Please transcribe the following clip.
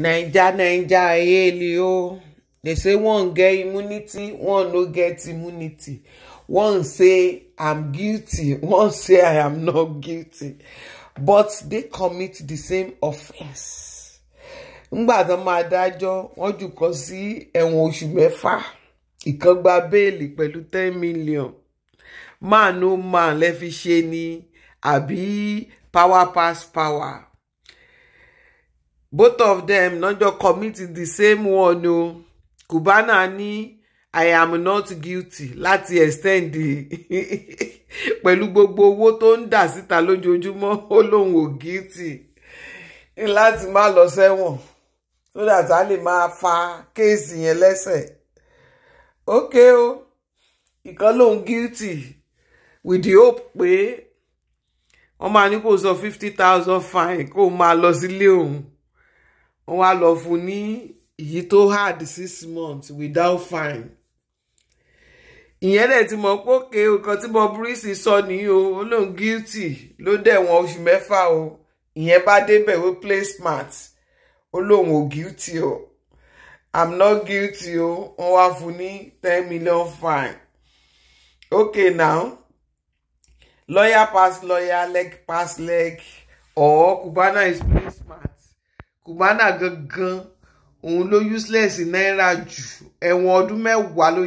naija naija ele eh, o they say one get immunity one no get immunity one say i'm guilty one say i am not guilty but they commit the same offence ngbà tán máa dájọ́ wọ́n jù kọ́ sí ẹ̀wọ̀n oṣù mẹ́fà ìkan gba béèlì pẹ̀lú ten million man no oh man lẹ́ fi ṣe ni abi power pass power. both of them no just commit the same one o Cubana ni I am not guilty lati extend pẹ̀lú gbogbo owó tó n dà síta lójoojúmọ́ ó lóun ò guilty ma má lọ sẹ́wọ̀n so that a le ma fa kéèsì yẹn lẹ́sẹ̀ ok o ikan lóun guilty with the hope pe wọ́n ma ní kó sọ fifty thousand fine kó ma lọ sílé òun. wọ́n wá lọ fún ní èyí tó hard six months without fine ìyẹn dẹ̀ ti mọ̀ pé òkè nǹkan tí Bobrisky sọ nìyí o ó lóun guilty ló dẹ̀wọ̀n oṣù mẹ́fà o ìyẹn bá débẹ̀ wí play ó lóun ò guilty o i'm not guilty o wọ́n wá fún ní ten million fine okay now lawyer pass lawyer leg pass leg or Kubana is place Cubana gangan òun ló useless náírà jù ẹ̀wọ̀n ọdún mẹ́wàá ló.